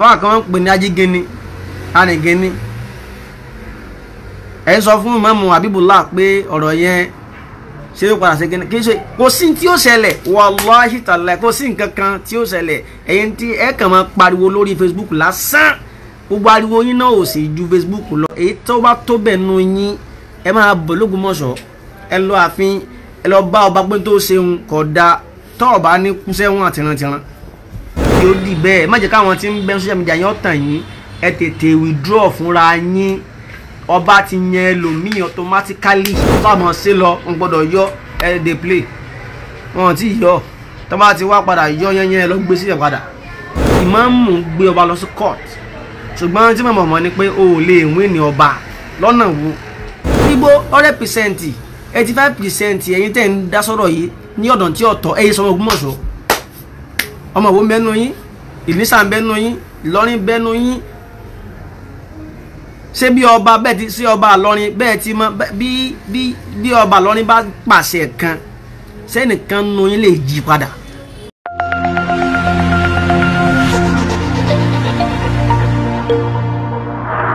fáwọn kan máa ń pè ní ajígeni anìgeni ẹ sọ fún mọ́mú abibulá pé ọ̀rọ̀ yẹn ṣe é padà ṣe gẹ́ni kì í ṣe kò sí tí ó ṣẹlẹ̀ wàláhì tàlá kò sí nǹkan kan tí ó ṣẹlẹ̀ ẹ̀yin tí ẹ kàn máa pariwo lórí Facebook lásán gbogbo ariwo yín náà ò sì ju Facebook lọ èyí tó bá tó bẹ̀ nu yín ẹ máa bọ̀ lógúnmọ̀ṣọ́ ẹ lọ ààfin ẹ lọ bá ọba pé tó ṣeun kódà tọ́ọ̀bá ní kúṣẹ́ wọn jẹ́ ó dì bẹ́ẹ̀ má jẹ́ káwọn tí ń bẹ́ social media yẹn ọ̀tàn yín ẹ tètè withdraw fúnra yín ọba ti yẹn ẹlòmíì automatically fáwọn ṣe lọ n gbọ́dọ̀ yọ ẹ dey play wọn ti yọ tó bá ti wá padà yọ yẹnyẹn ẹ lọ gbé sílẹ̀ padà ìmáàmù gbé ọba lọ sí court ṣùgbọ́n tí mo mọ̀ ni pé o ò lè win ní ọba lọ́nà wo gbígbó hundred percent eighty five percent ẹ̀yin tẹ̀ ń dá sọ̀rọ̀ yìí ní ọ̀dàn tí ọ̀tọ̀ ẹ̀yin sọmọ Ògbómọ̀ṣọ́ ọmọ wo mẹ́nu yín ìnísà ń bẹ́nu yín ìlọrin bẹ́nu yín ṣé bí ọba bẹ́ẹ̀ ti ṣé ọba ìlọrin bẹ́ẹ̀ ti mọ bí bí bí ọba ìlọrin bá pàṣẹ kan sẹ́nìkan nu yín lè jí padà.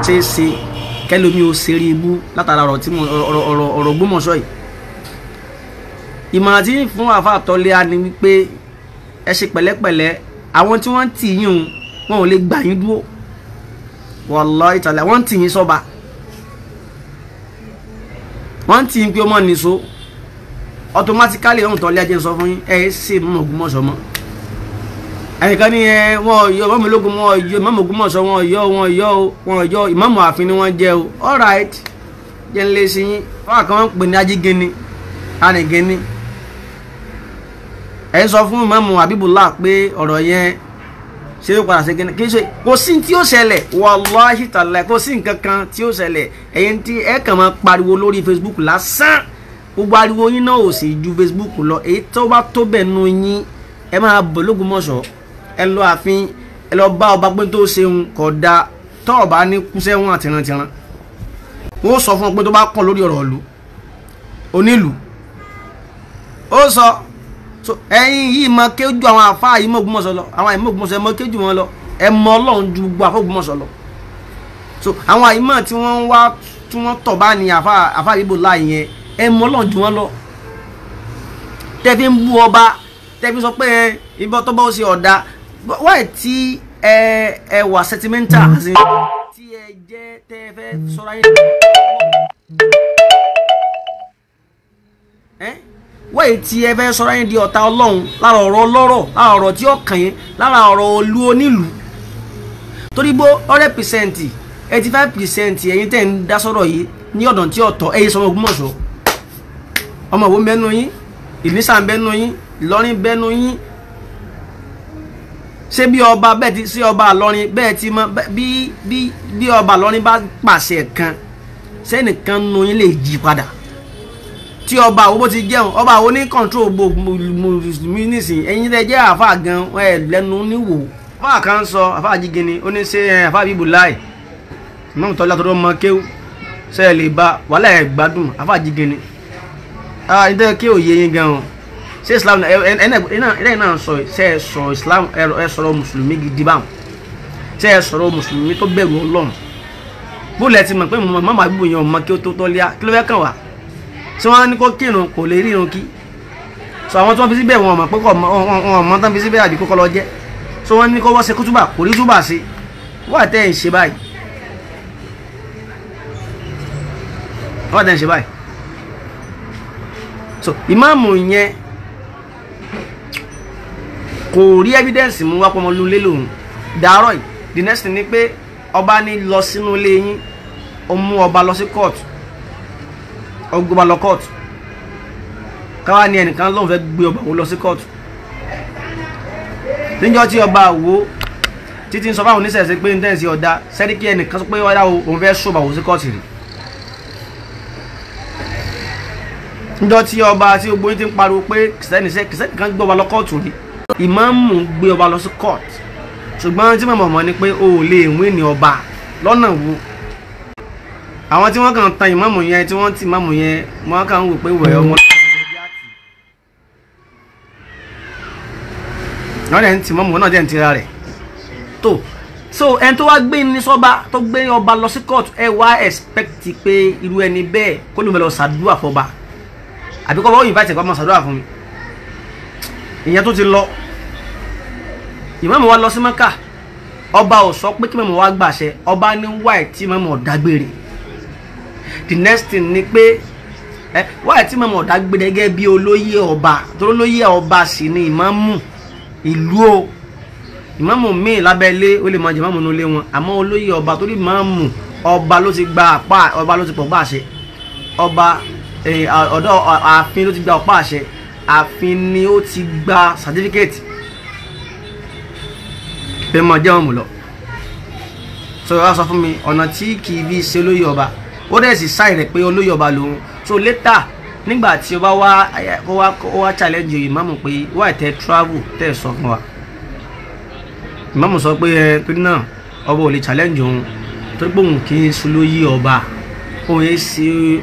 ṣeéṣe kẹlòmí o ṣeré ibú látara ọ̀rọ̀ tí mo ọ̀rọ̀ ọ̀rọ̀ ọ̀rọ̀ gbọ́mọ̀ṣọ́ yìí ìmọ̀ràn tí fún àfa àtọ́lé a ni wípé ẹ ṣe pẹ̀lẹ́pẹ̀lẹ́ àwọn tí wọ́n ń tì yín o wọn ò lè gbà yín dúró wallahi ta'ala wọ́n ń tì yín sọ́ba wọ́n ń tì yín pé ọmọ nìṣó automatically ohun tó lé ajé sọ fún yín ẹ ṣe mọ́ Ògbómọ̀ṣọ́ mọ́ ẹnìkan ní ẹ wọn yọ mọ́mọ́ ológun wọn yọ mọ́mọ́ Ògbómọ̀ṣọ́ wọn yọ wọn yọ wọn yọ ìmọ̀mọ́ àfin ni wọ́n jẹ́ o all right jẹ́ ń lé sí yín wọn kàn ń pè ní ajígínní anìgínní ẹ̀ ń sọ fún Ìmáàmù Habibullah pé ọ̀rọ̀ yẹn ṣe é padà ṣe kíni kí ṣe kò sí tí ó ṣẹlẹ̀ wàláhì tàlẹ̀ kò sí nǹkan kan tí ó ṣẹlẹ̀ ẹ̀yin tí ẹ kàn máa pariwo lórí Facebook lásán gbogbo ariwo yín náà ò sì ju Facebook lọ èyí tó bá tó bẹ̀ nu yín ẹ máa bọ̀ lógúnmọ̀ṣọ́ ẹ lọ ààfin ẹ lọ bá ọba pé tó ṣeun kò da tọ́ ọba ní kúṣẹ́ wọn àtìrantìran wọ́n sọ fún ọ pé tó bá kàn lórí ọ̀rọ̀ ìlú onílù ó sọ. So, so ẹ̀yin yìí máa ké ju àwọn àfa yìí mọ̀ Ògbómọ̀ṣọ́ lọ àwọn àyìnbó Ògbómọ̀ṣọ́ ẹ mọ̀ ké wọn lọ ẹ mọ̀ Ọlọ́run ju gbogbo àfa Ògbómọ̀ṣọ́ lọ so àwọn àyìnbó tí wọ́n ń wá tí wọ́n tọ̀ bá ní àfa àfa ìbò láàyè yẹn ẹ mọ̀ Ọlọ́run ju wọn lọ tẹ́fi ń bú ọba tẹ́fi sọ pé ìbọn tó bá ó ṣe ọ̀dà wáyé tí ẹ ẹ wà sentimental tí ẹ jẹ́ tẹ́ fẹ́ sọ́ra wọ́n èyí tí ẹ fẹ́ sọ̀rọ̀ yín di ọ̀tá ọlọ́run lára ọ̀rọ̀ ọlọ́rọ̀ lára ọ̀rọ̀ tí ó kàn yín lára ọ̀rọ̀ olú onílùú torí gbó ọ̀rẹ́ pìsẹ́ǹtì eighty five percent ẹ̀yin tẹ́ ń dá sọ̀rọ̀ yìí ní ọ̀dàn tí ọ̀tọ̀ ẹ̀yin sọmọ Ògbómọ̀ṣọ́ ọmọ ìwọ bẹ́nu yín ìnísà bẹ́nu yín Ìlọrin bẹ́nu yín ṣé bí ọba bẹ́ẹ̀ ti ṣé ọba Ìlọrin bẹ́ẹ̀ ti mọ bí bí bí ọba Ìlọrin bá pàṣẹ kan sẹ́nìkan nu yín lè jí padà tí ọba àwọn bó ti jẹun ọba àwọn ní control gbogbo mi nísìnyí ẹ̀yin lẹ jẹ́ àfa gan ẹ lẹ́nu níwò àfa kan sọ àfa jígini ó ní ṣe àfa bíbu láì mọ́mú tọ́lá tó mọ kéwù ṣe lè ba wàhálà ẹ̀ gbádùn àfa jígini ẹni tẹ́ kí òye yín gan o ṣé Islam ẹ̀ẹ́dẹ́gbẹ̀rún náà sọ ṣe é sọ Islam ẹ sọ̀rọ̀ mùsùlùmí gidi báwọn ṣe é sọ̀rọ̀ mùsùlùmí tó bẹ̀rù Ọlọ́run bó lẹ ti mọ̀ pé mọ̀ máa gbóyàn ọmọ kí ó tó tọ́lé kí ló fẹ́ kàn wá tí wọ́n ní kó kírun kò lè rí irun kí so àwọn tí wọ́n fi síbẹ̀ wọn ọ̀mọ̀ pé wọn ọ̀mọ̀ tán fi síbẹ̀ àbí kókó lọ jẹ́ so wọ́n ní kó wọ́n ṣe kútúbà kò rí túbà sí wọ́n àtẹ̀ ń ṣe báyìí wọ́n àtẹ̀ ń ṣe báyìí so ìmáàmù yẹn kò rí evidence mú wá pọmọ lulẹ̀ lòun dàárọ̀ yìí the next thing ni pé ọba ní lọ sínú ilé yín ó mú ọba lọ sí court ọgbọ́n máa lọ kóòtù káwa ni ẹnìkan lóun fẹ́ gbé ọba òun lọ sí kóòtù níjọ́ tí ọba àwo títí ń sọ fáwọn oníṣẹ̀ṣe pé ní tẹ̀sí ọ̀dà sẹ́ríkì ẹnìkan sọ pé ọ̀dà òun fẹ́ sọ̀bà òun sí kóòtù rì níjọ́ tí ọba tí gbogbo yín ti ń pariwo pé kìsẹ́nì kìsẹ́nì kan gbé ọba lọ kóòtù rì ìmáàmù gbé ọba lọ sí kóòtù ṣùgbọ́n tí mọ̀mọ́ ni pé o ò lè wí ní ọba lọ́nà wo àwọn tí wọ́n kàn tan ìmáàmù yẹn tí wọ́n ti ìmáàmù yẹn wọ́n kàn ń wò pé wẹ̀ ọmọ wọ́n dẹ̀ ń ti ìmáàmù náà dẹ̀ ń tira rẹ̀ tó so ẹni tó wá gbé ní sọ́ba tó gbé ọba lọ sí court ẹ wá expect pé irú ẹni bẹ́ẹ̀ kó ló ń bẹ lọ sàdúrà fọba àbí kọ́ bá ó invite ẹ̀kọ́ ọmọ sàdúrà fún mi ìyẹn tó ti lọ ìmáàmù wa lọ sí mẹ́kà ọba ò sọ pé kí mọ̀mọ́ wa gbàṣẹ ọba ní wáì tí mọ̀mọ́ dágbére the next thing ni pé ẹ wáyé tí mọ̀mọ́ ọ̀dà gbé gẹ́gẹ́ bí olóyè ọba tó lóyè ọba sì ni ìmáàmù ìlú o ìmáàmù míì lábẹ́ ilé ó lè máa jẹ ìmáàmù nulẹ̀ wọn àmọ́ olóyè ọba torí ìmáàmù ọba ló ti gba àpá ọba ló ti pọ̀ gbà àṣẹ ọba ọ̀dọ́ ààfin ló ti gba ọ̀pá àṣẹ ààfin ni ó ti gba sàtífíkẹ́ẹ̀tì pé mo jẹ́ wọn mú lọ sọ wá sọ mi ọ̀nà tí kì í bí ṣe olóyè ó dẹ̀ sì sáì rẹ̀ pé olóyè ọba lòun so later nígbà tí ó bá wá ó wá ó wá challenge ìmáàmù pé why tẹ travel tẹ sọ fún wa ìmáàmù sọ pé ẹ torí náà ọba ò lè challenge òun torí pé òun kì í solóyè ọba òun yẹn ṣe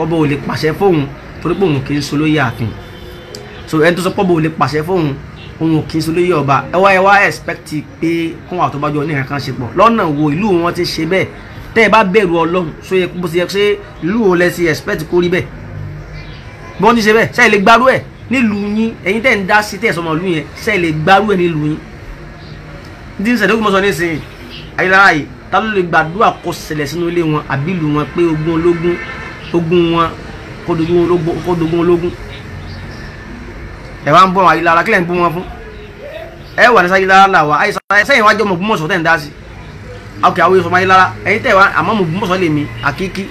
ọba ò lè pàṣẹ fóun torí pé òun kì í solóyè ààfin so ẹni tó sọ pé ọba ò lè pàṣẹ fóun òun kì í so ọba ẹ wá ẹ wá expect pé kún àwọn tó bá jọ ní kankan ṣe pọ̀ lọ́nà wo ìlú wọn ti ṣe bẹ́ẹ̀ tẹ́ ẹ bá bẹ̀rù ọlọ́run so yẹ bó ṣe yẹ ṣe ìlú wo lẹ ṣe expect kó rí bẹ́ẹ̀ bọ́n ní ṣe bẹ́ẹ̀ ṣe lè gbarú ẹ̀ nílùú yín ẹ̀yin tẹ́ ń dá sí tẹ̀ sọmọ ìlú yẹn ṣe lè gbarú ẹ̀ nílùú yín ní sẹ̀dẹ̀ ó kí mo sọ nísìnyí ayélujára yìí ta ló lè gbàdúrà kó ṣẹlẹ̀ sínú ilé wọn àbí ìlú wọn pé ogun ológun ogun wọn kó dogun ológun ẹ wá ń bọ̀ ayélujára kílẹ̀ ń bọ̀ wọn fún ẹ wà ní sáyélujára ok àwọn èso máyé lára ẹ̀yin tẹ̀ wá àmọ́ mo bú mọ̀sán lè mi àkíkí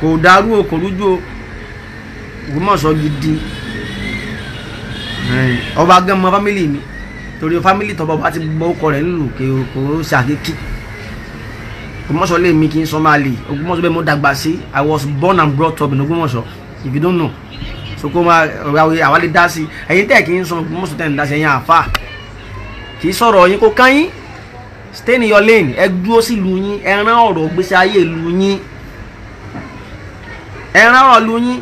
kò dàrú o kò rújú o Ògbómọ̀ṣọ́ gidi ọba gan mọ fámìlì mi torí fámìlì tọba bá ti gbọ́ ọkọ rẹ̀ nílùú kò ṣe àkíkí Ògbómọ̀ṣọ́ lè mi kì í sọ máa lè Ògbómọ̀ṣọ́ bẹ́ẹ̀ mo dàgbà sí I was born and brought up in Ògbómọ̀ṣọ́ if you don't know so kó máa àwa lè dá sí ẹ̀yin tẹ̀ kì í sọ Ògbómọ̀ṣọ́ tẹ̀ ń dá sí ẹ̀yin àfáà kì í sọ̀rọ̀ yín kó kán yín stay in your lane ẹ dúró sílùú yín ẹ rán ọ̀rọ̀ gbèsè ayé ìlú yín ẹ rán ọ̀rọ̀ lu yín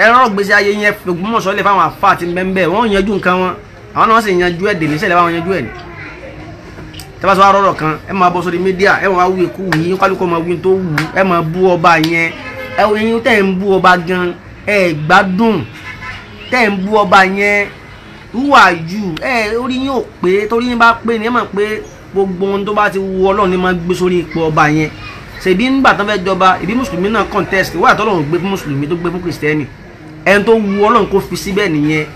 ẹ rán ọ̀rọ̀ gbèsè ayé yín ẹ Ògbómọ̀ṣọ́ lè fáwọn àfa àti bẹ́ńbẹ́ wọ́n yanjú nǹkan wọn àwọn náà sì yanjú ẹ̀ dèlè sẹ́lẹ̀ yanjú ẹ̀ ni tẹ́bàṣọ wa rọ̀rọ̀ kan ẹ máa bọ́ sórí mídíà ẹ máa wú ikú wù yín kálukọ́ máa wú tó wù ẹ máa bú ọba yẹn ẹ wọ eyín tẹ́ ń bú ọba gan ẹ gbádùn tẹ́ ń bú ọba yẹn who are you ẹ orí yín ò pé torí yín bá pé ni ẹ mọ̀ pé gbogbo ohun tó bá ti wu ọlọ́run ni máa gbé sórí ipò ọba yẹn ṣèbí ńgbà tán fẹ́ jọba ìbí mùsùlùmí náà contest wà tọ́lọ́run gbé fún mùsùlùmí tó gbé fún kìrìsìtẹ́nì ẹni tó wu ọlọ́run kó fi síbẹ̀ nìyẹn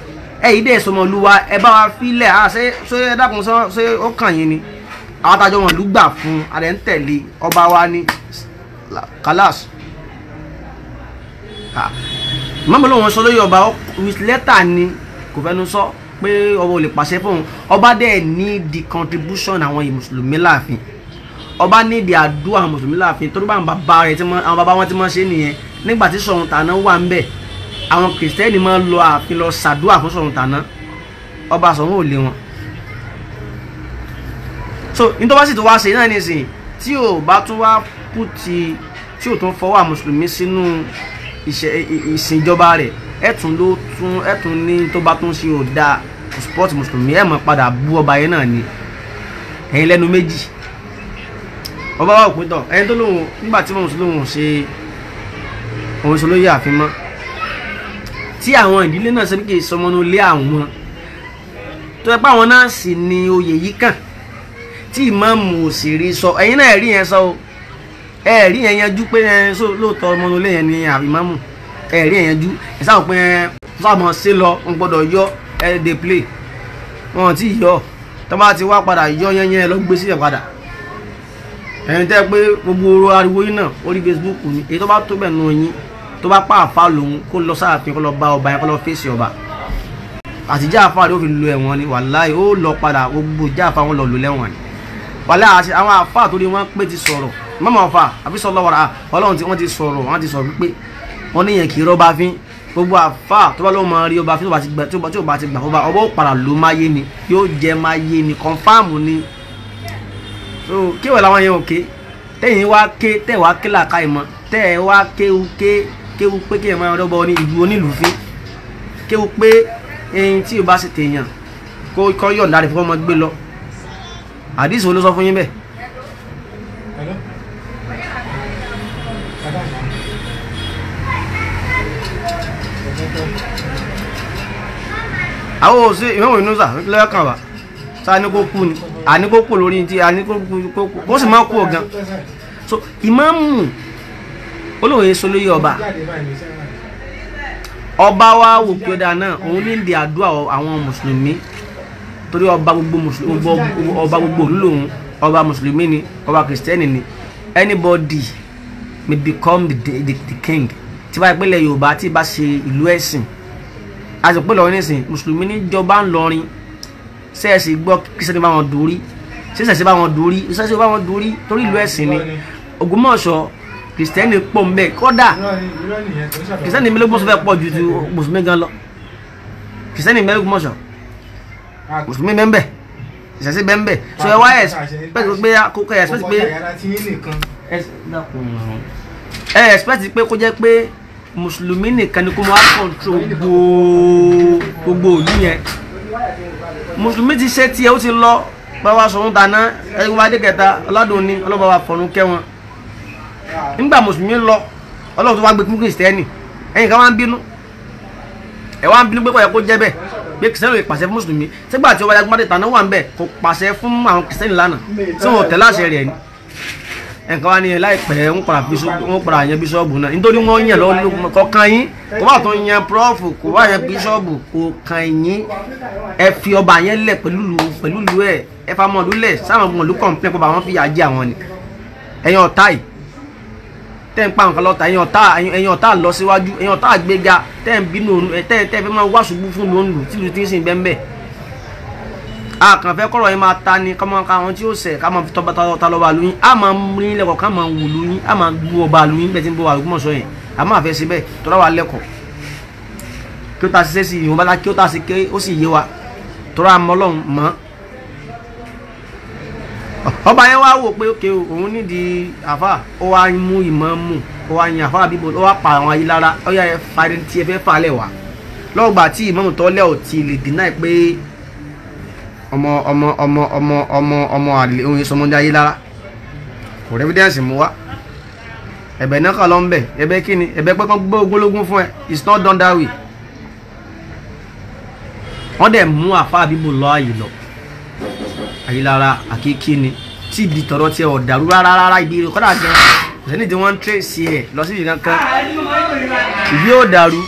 ẹ yìí dẹ̀ sọmọ olúwa ẹ bá wa filẹ̀ à ṣé ṣé ẹ dákun ṣé ó kàn yín ni àwọn àtàjọ wọn lù gbà fún adẹ̀ ń tẹ̀lé ọba wa ní kálásì mọ́mọ́lọ́wọ́n sọ lóye ọba with lẹ́tà ni kò fẹ́nu sọ pé ọba ò lè pàṣẹ fóun ọba dẹ̀ ní the contribution àwọn mùsùlùmí láàfin ọba ní the àdúrà àwọn mùsùlùmí láàfin tó bá àwọn bàbá rẹ̀ àwọn bàbá wọn ti máa ṣe nìyẹn nígbà tí Ṣọ̀ún Tàná wà ń bẹ̀ àwọn kìrìsìtẹ́nì máa ń lọ ààfin lọ ṣàdúrà fún Ṣọ̀ún Tàná ọba Ṣọ̀ún ò lé wọn. so nítorí sì tó wá ṣe náà nísìnyí tí ò bá tún wá pùtì tí ò tún fọwọ́ àwọn mùsùlùmí sínú ìṣèjọba rẹ̀ ẹ̀tún ló tún ẹ̀tún ní tó bá tún ṣe ò dáa sport mùsùlùmí ẹ̀ mọ̀ padà bú ọba yẹn náà ni ẹ̀yin lẹ́nu méjì ọba wa òpin tán ẹni tó lóun nígbà tí mùsùlùmí lòun ṣe òun ṣe olóyè àfin mọ́ tí àwọn ìdílé náà ṣe bí kì í sọmọnú lé àwọn tó yẹ pé àwọn náà sì ni oyè yìí kàn tí ìmáàmù òsèré sọ ẹ̀yin náà ẹ̀rí yẹn sọ ẹ̀rí yẹn yanjú pé ẹ̀ lóòótọ́ ọmọnú lé yẹn ni àbí ìmáàmù ẹ̀rí ẹ̀yànjú ẹ̀ sáà pé sáàmọ̀ sí lọ wọn gbọ́dọ̀ yọ ẹ̀ dé play wọn ti yọ tó bá ti wá padà yọ yẹnyẹn lọ gbé sílẹ̀ padà ẹ̀yin tẹ́ pé gbogbo oró ariwo yìí náà orí Facebook ni èyí tó bá tó bẹ̀ nù yín tó bá pa àfa lòun kó lọ sáàfin kó lọ bá ọba yẹn kó lọ fèsì ọba àtijọ́ àfa rẹ̀ ó fi lu ẹ̀wọ̀n ni wàláì ó lọ padà gbogbo ìjà àfa wọn lọ lò lẹ́wọ̀n ni wàlẹ́ àti àwọn àfa àtòrí wọn pé ti sọ̀rọ̀ mọ́mọ́ ọ̀fà àbísọ̀ lọ́wọ́ra ọlọ́run tí wọ́n ti sọ̀rọ̀ wọ́n ti sọ̀rọ̀ pé wọn níyẹn kì í rọ́bà fín gbogbo àfa tó bá ló mọ rí ọba fín tó bá ti gbà tó bá ti gbà ọba ọba ó padà ló máyé ni yóò jẹ máyé ni kọ́nfàmù ni so kí wọ́n làwọn yẹn ò ké tẹ́yìn wá ké tẹ́ wá ké làkà ìmọ̀ tẹ́ ẹ wá kéwu ké kéwu pé kéèyàn máa rọ́bà ìlú onílù fín kéwu pé ẹyin tí o bá tèèyàn kó yọ̀ǹda rẹ̀ fún ọmọ gbé lọ àdìsí wo fún yín bẹ́ẹ̀ àwọn ò sí ìwọ̀n ìnú sà lọ́yọ̀ kan wà sá ní kó kú ni àní kó kú lórí ti àní kó kú kó sì máa kú ọ̀gán so ìmáàmù olóòye solóyè ọba ọba wa wò pé ọ̀dà náà òun ní ìdí àdúrà àwọn mùsùlùmí torí ọba gbogbo mùsùlùmí ọba gbogbo òlú lòun ọba mùsùlùmí ni ọba kìrìsìtẹ́nì ni anybody may become the, the, the king tí bá ìpínlẹ̀ yorùbá tí bá ṣe ìlú ẹ̀sìn àsìkò lọ́wọ́ nísìn mùsùlùmí níjọba ńlọrin sẹ́ẹ̀sì gbọ́ kírísítẹ́nì bá wọn dórí sẹ́ẹ̀sì bá wọn dórí sẹ́ẹ̀sì bá wọn dórí torí ìlú ẹ̀sìn ni Ògbómọ̀ṣọ́ kìrìsìtẹ́nì pọ̀ mbẹ́ kọ́dà kìrìsìtẹ́nì mélòó gbọ́sọ̀ fẹ́ pọ̀ ju ti mùsùlùmí gan lọ kìrìsìtẹ́nì mélòó mùsùlùmí bẹ́ẹ̀ ìṣẹ̀sí bẹ́ẹ̀ bẹ́ẹ̀ so ẹ wá ẹ̀ pé kókó ẹ̀ ẹ̀ ẹ̀ ẹ̀ ẹ̀ ẹ̀ ẹ̀ ẹ̀ ẹ̀ ẹ̀ mùsùlùmí nìkan ni kó máa kọ̀ǹtró gbogbo òlú yẹn mùsùlùmí ti ṣe tiẹ̀ ó ti lọ báwa sọ̀run dáná ẹ̀yìn wa dé kẹta ọlọ́dún ní ọlọ́ba wa fọ̀run kẹ́ wọn nígbà mùsùlùmí lọ ọlọ́run tó wá gbé fún kìrìsìtẹ́nì ẹ̀yìn kan wá ń bínú ẹ̀ wá ń bínú pé kò yẹ kó jẹ́ bẹ́ẹ̀ pé kìrìsìtẹ́nì lè pàṣẹ fún mùsùlùmí sígbà tí ọba jagunmọ́dé tàná wà ń bẹ̀ kò pàṣẹ fún àwọn kìrìsìtẹ́nì lánàá tí wọn ò tẹ̀lé àṣẹ rẹ̀ ni ẹnìkan wá ní ẹ láìpẹ́ ń para wọ́n para yẹn bíṣọ́ọ̀bù náà nítorí wọ́n yàn lọ́ọ́ kọ̀ọ̀kan yín kò bá tó yan prof kò bá yan bíṣọ́ọ̀bù kò kàn yín ẹ fi ọba yẹn lẹ̀ pẹ̀lú pẹ̀lú lu ẹ̀ ẹ fa mọ́ lulẹ̀ sáwọn ọmọ ìlú kọ̀ǹpẹ́ kó bá wọn fi yà jẹ àwọn ni ẹ̀yin ọ̀tá yìí tẹ́ ń pa nǹkan lọ́ta ẹ̀yin ọ̀tá ẹ̀yin ọ̀tá lọ síwájú ẹ̀yin ọ̀tá àgbéga tẹ́ ń bínú tẹ́ tẹ́ fẹ́ máa wá ṣubú fún lóńlù tìlù tí ń sìn bẹ́ẹ̀ bẹ́ẹ̀ àkànfẹ́ kọ̀rọ̀ yìí máa ta ni kọ́mọ ká àwọn tí ó sẹ̀ ká máa fi tọ́ba ta lọ́ba lóyún á máa mú yín lẹ́kọ̀ọ́ ká máa wù lóyún á máa gbú ọba lóyún bẹ́ẹ̀ tí ń bọ̀ àlùkò mọ̀ọ́sọ yẹn a máa fẹ́ síbẹ̀ tọ́lá wa lẹ́kọ̀ọ́ kí ó ta ṣiṣẹ́ sí ìwọ̀n bàtà kí ó ta ṣe ké ó sì yé wa tọ́lá mọ́ lọ́hùn mọ́. ọba yẹn wá wò pé òkè òun nídìí àfa ó wá mú ìmọ̀ mú ó wá yin àfa bíbo ó wá pa àwọn ayé lára ó yà fa ẹni tí ẹ fẹ́ fà lẹ̀ wá lọ́gbà tí ìmọ̀mù tọ́lẹ̀ ò ti lè dínà pé ọmọ ọmọ ọmọ ọmọ ọmọ ọmọ àlè oyin sọmọdé ayé lára kò rẹ́ mú wá ẹ̀bẹ̀ náà kà lọ ń bẹ̀ ẹ̀bẹ̀ kí ni ẹ̀bẹ̀ pẹ́ kan gbé ogólógún fún ẹ it's not done that way wọ́n dẹ̀ mú àfa àbíbò lọ àyè lọ ayé lára àkíkí ni tí ibi tọrọ tiẹ̀ ò dàrú rárá rárá ibi kọ́dà gan-an sẹ́ni tí wọ́n ń tré sí ẹ̀ lọ sí ìdí kankan ìbí ò dàrú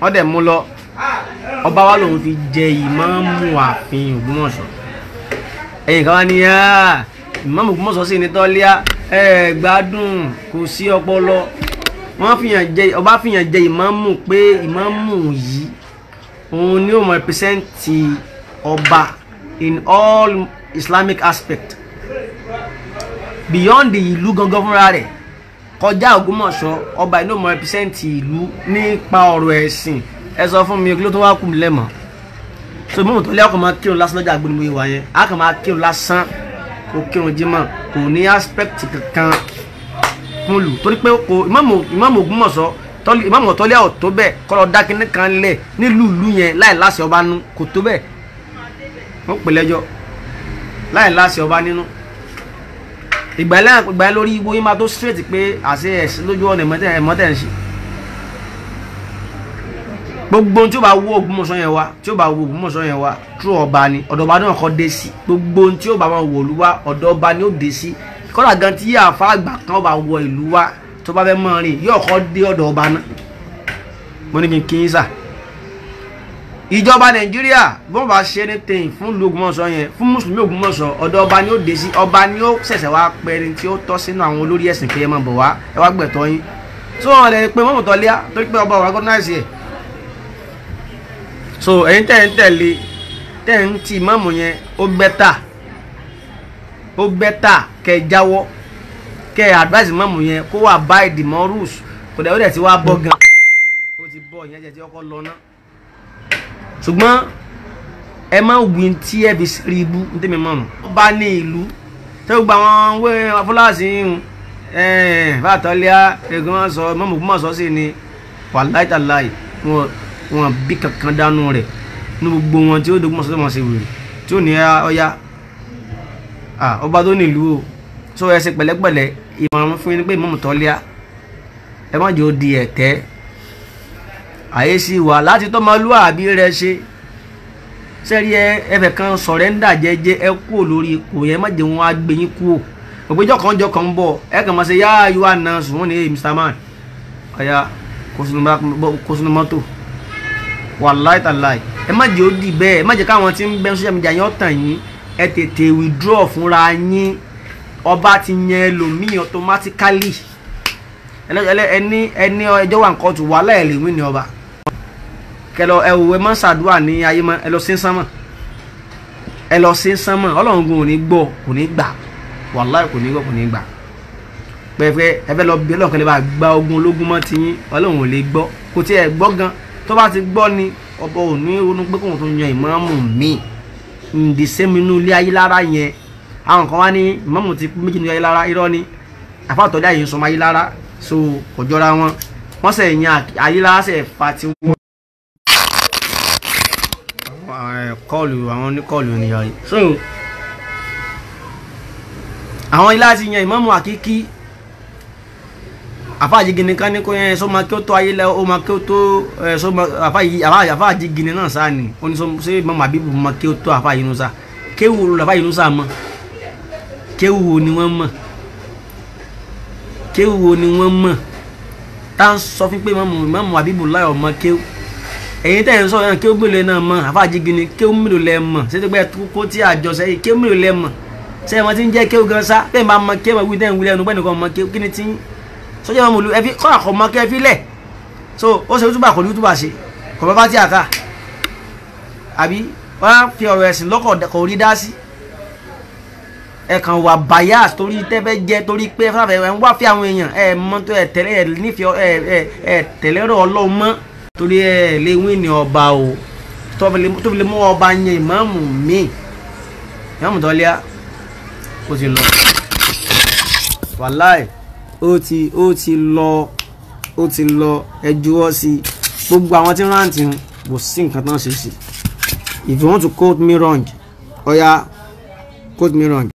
wọ́n dẹ̀ mú lọ ọba wa lòun ti jẹ ìmáàmù ààfin Ògbómọ̀ṣọ́ ẹ̀yìn kan wá ní ìmáàmù Ògbómọ̀ṣọ́ sì ní tọ́líà ẹ̀ gbádùn kò sí ọpọlọ wọ́n fìyàn jẹ ọba fìyàn jẹ ìmáàmù pé ìmáàmù yìí òun ni ó mọ̀ rẹpẹsẹ́ǹtì ọba in all Islamic aspect beyond the ìlú gangan fúnra rẹ̀ kọjá Ògbómọ̀ṣọ́ ọba inú mọ̀ rẹpẹsẹ́ǹtì ìlú nípa ọ̀rọ̀ ẹ̀sìn ẹ sọ fún mi kí ló tó wá kú mi lẹ́mọ̀ so mímu tó lé ọkọ̀ máa kírun lásán lọ́jà agbóni mo yẹ wá yẹn a kàn máa kírun lásán kó kírun jímọ̀ kò ní aspect kankan fún lù torí pé kò ìmáàmù Ògbómọ̀ṣọ́ tọ́lí ìmáàmù ọ̀tọ́lẹ́ ọ̀ tó bẹ́ẹ̀ kọ́lọ́ dákínní kan lẹ̀ nílùú ìlú yẹn láì láṣẹ ọba nínú kò tó bẹ́ẹ̀ wọ́n pè lẹ́jọ́ láì láṣẹ ọba nínú ìgbà lórí ibo yín máa tó straight pé àṣẹ ẹ̀sìn lójú ọ̀nà ẹ̀mọ́tẹ̀ ẹ̀mọ́tẹ̀ ń ṣe gbogbo tí ó bá wó Ògbómọ̀ṣọ́ yẹn wá tí ó bá wó Ògbómọ̀ṣọ́ yẹn wá tú ọba ni ọ̀dọ̀ba náà kọ́ dé sí gbogbo tí ó bá wọn wò lú wá ọ̀dọ̀ba ni ó dé sí kọ́dà gan tí àfa àgbà kan bá wọ ìlú wá tó bá fẹ́ mọ́ rìn yóò kọ́ dé ọ̀dọ̀ ọba náà mo ní kí n kí n sà. ìjọba Nàìjíríà bọ́n bá ṣe ní tẹ̀yìn fún ìlú Ògbómọ̀ṣọ́ yẹn fún mùsùlùmí Ògbómọ̀ṣọ́ ọ̀dọ̀ ọba ni ó dé sí ọba ni ó ṣẹ̀ṣẹ̀ so ẹ̀yin tẹ̀ ń tẹ̀lé tẹ̀ ń ti ìmáàmù yẹn ó bẹ́tà ó bẹ́tà kẹ́ jáwọ́ kẹ́ advice ìmáàmù yẹn kó wà abide the more rules kò dẹ̀ ó dẹ̀ ti wá bọ́ gan ó ti bọ́ ìyẹn jẹ́ ti ọkọ̀ lọ ná ṣùgbọ́n ẹ má win tí ẹ fi rí ibú ní tẹ́mi mọ́nu ó bá ní ìlú tẹ́ gbogbo àwọn wé afúláṣí ń fàtọ́lẹ́à ẹ̀gbọ́n sọ mọ́mùkú mọ̀ sọ sí ni wàláìtàláì wọn wọn bí kankan dánú rẹ̀ ní gbogbo wọn tí ó dogun mọ́sọ́tọ́ mọ́ sí wèrè tí ó ní ọya ah, ah, ọba tó nílùú o sọ ẹ ṣe pẹ̀lẹ́pẹ̀lẹ́ ìmọ̀ràn fún yín pé ìmọ̀mù tọ́lẹ́à ẹ má jẹ́ ó di ẹ̀tẹ́ àyè sí wà láti tọ́ máa lú àbí rẹ ṣe sẹ́rí ẹ ẹfẹ̀ kan sọ̀rẹ́ńdà jẹ́jẹ́ ẹ kú lórí ipò yẹn má jẹ́ wọn á gbé yín kú o ògbéjọ́ kan jọ kàn bọ̀ ẹ kàn máa ṣe yáa yóò àná sùn wọ́n ní mr man ọ̀ya kó wàláì tàláì ẹ má jẹ́ ó dì bẹ́ẹ̀ ẹ má jẹ́ káwọn tí ń bẹ́ social media yẹn ọ̀tàn yín ẹ tètè withdraw fúnra yín ọba ti yẹn ẹlòmíì automatically ẹni ẹni ẹjọ́ wà nǹkan tù wàhálà ẹ̀ lè wí ni ọba kẹlọ ẹ wò ẹ má ṣàdúrà ní ayé mọ́ ẹ lọ sí sánmọ̀ ẹ lọ sí sánmọ̀ ọlọ́run gun ò ní gbọ́ kò ní gbà wàláì kò ní gbọ́ kò ní gbà pẹ̀fẹ́ ẹ fẹ́ lọ bí ọlọ́run kan lè bá gba ogun ológun mọ́ tiyín ọlọ́run ò lè gbọ́ kò tiẹ̀ gbọ́ gan-an tó bá ti gbọ́ ni ọba ò ní ronú pé kóun tó yan ìmáàmù míì ǹdìsẹ́mi inú ilé Ayílára yẹn àwọn kan wá ní ìmáàmù ti méjì ní Ayílára irọ́ ni àfàtọ́jà yìí ń sọmọ Ayílára so kò jọra wọn wọ́n sẹ̀ yan Ayílára sẹ̀ fa ti wọ́n. Eh, kọ́ọ̀lù àwọn oníkọ́ọ̀lù ènìyàn yìí àwọn ilé àti yan ìmáàmù àkíkí àfáàjigini kan ní kó yẹn sọ ma kí ó tó ayé lẹ ó ma kí ó tó ẹ sọ ma àfáàjigini náà sáà ni o ní sọ ṣé mama bíbù ma kí ó tó àfáàjinusa kéwù ló làfáàjinusa mọ kéwù wo ni wọ́n mọ̀ kéwù wo ni wọ́n mọ̀ tá à ń sọ fún pé mọ̀mọ́ àbíbù láyọ̀ ọmọ kéwù ẹ̀yin tẹ̀ ń sọ yẹn kéwù mélòó náà mọ̀ àfáàjigini kéwù mélòó lẹ mọ̀ ṣé tó gbẹ́ kó tí àjọṣe yìí kéwù mélòó lẹ mọ̀ ṣé ẹ̀ wọ́n ti ń jẹ́ kéwù gan sá bẹ́ẹ̀ máa mọ kéwù wí sọjọ́ ìmọ̀mù ẹbí kọ́ àkọ́mọ́ kẹfí lẹ̀ so ó ṣe túbà kò ní túbà ṣe kò bá bá tí a kà àbí wọ́n á fi ọ̀rọ̀ ẹ̀sìn lọ́kọ̀ kò rí dá sí ẹ̀kan wà bias torí tẹ́fẹ́ jẹ́ torí pé fáfẹ́ ẹ̀ ń wá fi àwọn èèyàn ẹ̀ mọ́ tó ẹ̀ tẹ̀lé ẹ̀ nífẹ̀ẹ́ ẹ̀ ẹ̀ ẹ̀ tẹ̀lé ọ̀rọ̀ ọlọ́run mọ́ torí ẹ̀ lé wíìnì ọba o tó lè mú ọba yẹn ìmáàmù mi ìmáàmù tọ́lẹ́à ó ti lọ wàláì ó ti ó ti lọ ó ti lọ ẹjọ́ sí gbogbo àwọn tí rántí kò sí nǹkan tán ṣe sí if you want to quote me wrong oya quote me wrong